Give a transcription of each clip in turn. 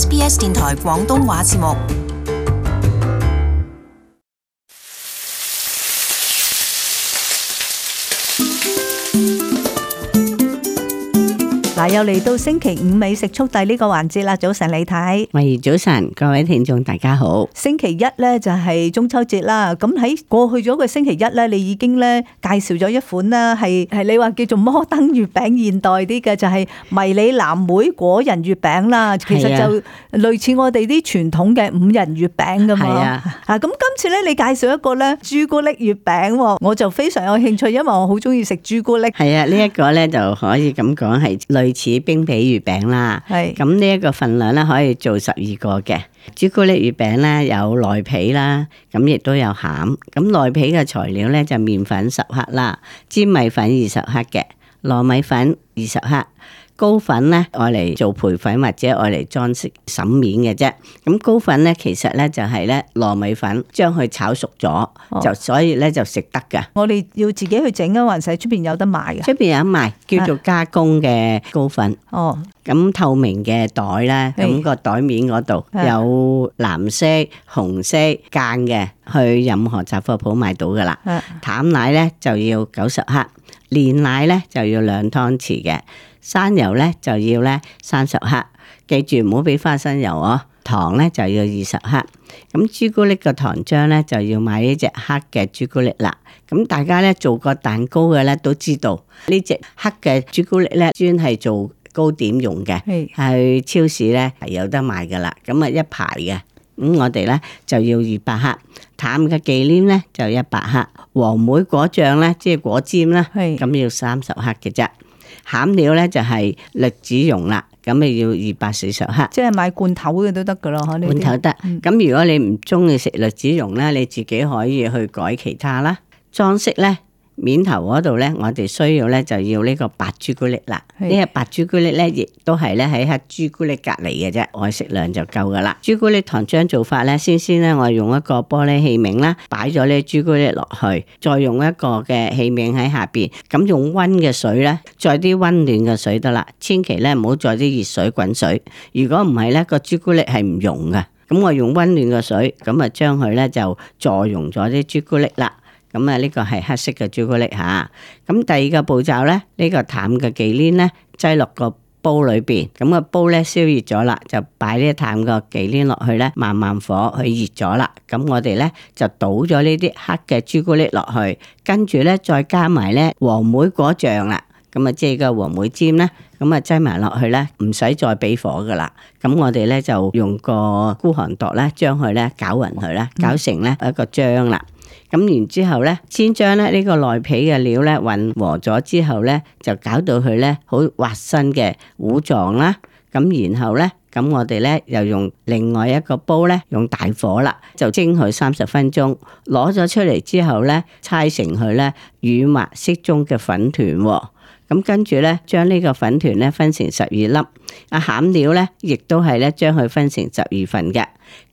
SBS 電台廣東話節目。嗱，又嚟到星期五美食速遞呢個環節啦，早晨你睇，喂，早晨，各位聽眾大家好。星期一咧就係中秋節啦，咁喺過去咗個星期一咧，你已經咧介紹咗一款咧係，係你話叫做摩登月餅現代啲嘅，就係迷你藍莓果仁月餅啦。其實就類似我哋啲傳統嘅五仁月餅咁樣。啊，咁今次咧你介紹一個咧朱古力月餅，我就非常有興趣，因為我好中意食朱古力。係啊，呢一個咧就可以咁講，係類。似冰皮月餅啦，咁呢一個份量咧可以做十二個嘅。朱古力月餅咧有內皮啦，咁亦都有餡。咁內皮嘅材料咧就麵粉十克啦，粘米粉二十克嘅。糯米粉二十克，糕粉咧愛嚟做培粉或者愛嚟裝飾沈面嘅啫。咁糕粉咧其實咧就係咧糯米粉將佢炒熟咗，就所以咧就食得㗎。我哋要自己去整啊，還是喺出邊有得賣嘅？出邊有得賣，叫做加工嘅糕粉。哦，咁透明嘅袋咧，咁個袋面嗰度有藍色、紅色間嘅，去任何雜貨鋪買到噶啦。淡奶咧就要九十克。煉奶咧就要兩湯匙嘅，生油咧就要咧三十克，記住唔好俾花生油哦。糖咧就要二十克，咁朱古力個糖漿咧就要買呢隻黑嘅朱古力啦。咁大家咧做過蛋糕嘅咧都知道，呢隻黑嘅朱古力咧專係做糕點用嘅，係去是超市咧係有得賣噶啦。咁啊一排嘅，咁我哋咧就要二百克。淡嘅忌廉咧就一百克，黃莓果醬咧即係果占啦，咁要三十克嘅啫。餡料咧就係、是、栗子蓉啦，咁啊要二百四十克。即係買罐頭嘅都得噶咯，罐頭得。咁如果你唔中意食栗子蓉咧，你自己可以去改其他啦。裝飾咧。面頭嗰度咧，我哋需要咧就要呢個白朱古力啦。呢個是白朱古力咧，亦都係咧喺黑朱古力隔離嘅啫，我食量就夠噶啦。朱古力糖漿做法咧，先先咧，我用一個玻璃器皿啦，擺咗呢朱古力落去，再用一個嘅器皿喺下邊，咁用溫嘅水咧，再啲溫暖嘅水得啦，千祈咧唔好再啲熱水滾水。如果唔係咧，個朱古力係唔溶嘅。咁我用溫暖嘅水，咁啊將佢咧就再溶咗啲朱古力啦。咁啊，呢、嗯、個係黑色嘅朱古力吓。咁第二個步驟咧，呢、這個淡嘅忌廉咧，擠落，這個煲裏邊。咁個煲咧燒熱咗啦，就擺啲淡嘅忌廉落去咧，慢慢火去熱咗啦。咁我哋咧就倒咗呢啲黑嘅朱古力落去，跟住咧再加埋咧黃梅果醬啦。咁啊，即係個黃梅尖咧，咁啊擠埋落去咧，唔使再俾火噶啦。咁我哋咧就用個孤寒度咧，將佢咧攪勻佢啦，攪成咧一個漿啦。 咁然之後咧，先將咧呢個內皮嘅料咧混和咗之後咧，就搞到佢咧好滑身嘅糊狀啦。咁然後咧，咁我哋咧又用另外一個煲咧，用大火啦，就蒸佢三十分鐘。攞咗出嚟之後咧，搓成佢咧軟滑適中嘅粉團。咁跟住咧，將呢個粉團咧分成十二粒，阿餡料咧亦都係咧將佢分成十二份嘅。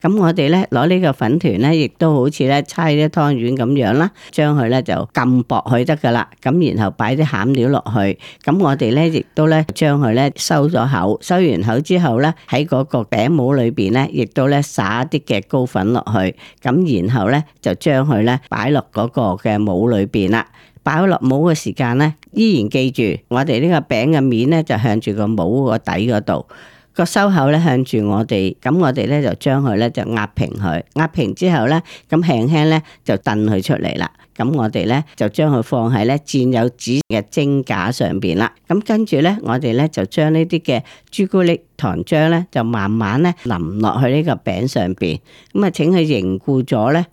咁我哋咧攞呢個粉團咧，亦都好似咧搓啲湯圓咁樣啦，將佢咧就撳薄佢得噶啦。咁然後擺啲餡料落去，咁我哋咧亦都咧將佢咧收咗口，收完口之後咧喺嗰個餅模裏邊咧，亦都咧撒啲嘅高粉落去，咁然後咧就將佢咧擺落嗰個嘅模裏邊啦。擺落帽嘅時間咧，依然記住我哋呢個餅嘅面咧就向住個帽個底嗰度，個收口咧向住我哋，咁我哋咧就將佢咧就壓平佢，壓平之後咧，咁輕輕咧就扽佢出嚟啦。咁我哋咧就將佢放喺咧鑽有紙嘅蒸架上邊啦。咁跟住咧，我哋咧就將呢啲嘅朱古力糖漿咧就慢慢咧淋落去呢個餅上邊。咁啊，請佢凝固咗咧。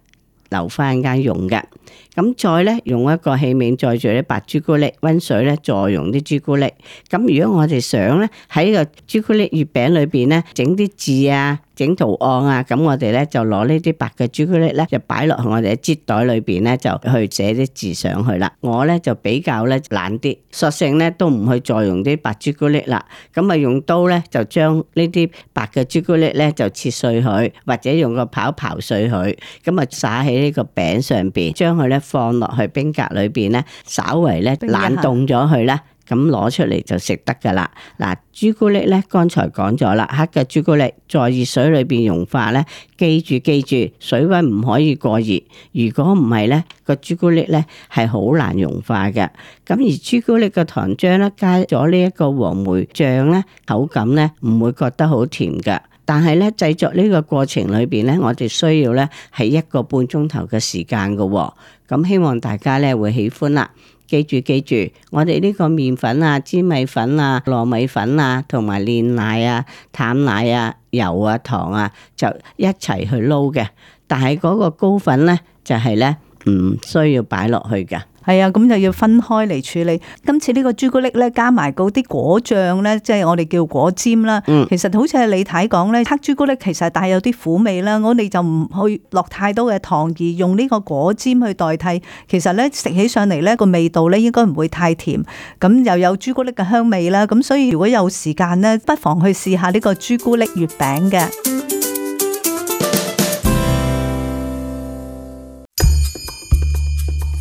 留翻間用嘅，咁再咧用一個器皿，再做啲白朱古力溫水咧，再用啲朱古力。咁如果我哋想咧喺個朱古力月餅裏邊咧整啲字啊～整圖案啊，咁我哋咧就攞呢啲白嘅朱古力咧，就擺落去我哋嘅擠袋裏邊咧，就去寫啲字上去啦。我咧就比較咧懶啲，索性咧都唔去再用啲白朱古力啦。咁啊，用刀咧就將呢啲白嘅朱古力咧就切碎佢，或者用個刨刨碎佢。咁啊，撒喺呢個餅上邊，將佢咧放落去冰格裏邊咧，稍為咧冷凍咗佢啦。咁攞出嚟就食得噶啦。嗱，朱古力咧，剛才講咗啦，黑嘅朱古力在熱水裏邊溶化咧，記住記住，水温唔可以過熱。如果唔係咧，個朱古力咧係好難溶化嘅。咁而朱古力嘅糖漿咧，加咗呢一個黃梅醬咧，口感咧唔會覺得好甜噶。但係咧，製作呢個過程裏邊咧，我哋需要咧係一個半鐘頭嘅時間噶喎。咁希望大家咧會喜歡啦。記住記住，我哋呢個麵粉啊、粘米粉啊、糯米粉啊，同埋煉奶啊、淡奶啊、油啊、糖啊，就一齊去撈嘅。但係嗰個糕粉咧，就係、是、咧。唔需、嗯、要擺落去嘅。係啊，咁就要分開嚟處理。今次呢個朱古力咧，加埋嗰啲果醬咧，即係我哋叫果尖啦。嗯、其實好似係你睇講咧，黑朱古力其實帶有啲苦味啦，我哋就唔去落太多嘅糖，而用呢個果尖去代替。其實咧，食起上嚟咧個味道咧應該唔會太甜，咁又有朱古力嘅香味啦。咁所以如果有時間咧，不妨去試下呢個朱古力月餅嘅。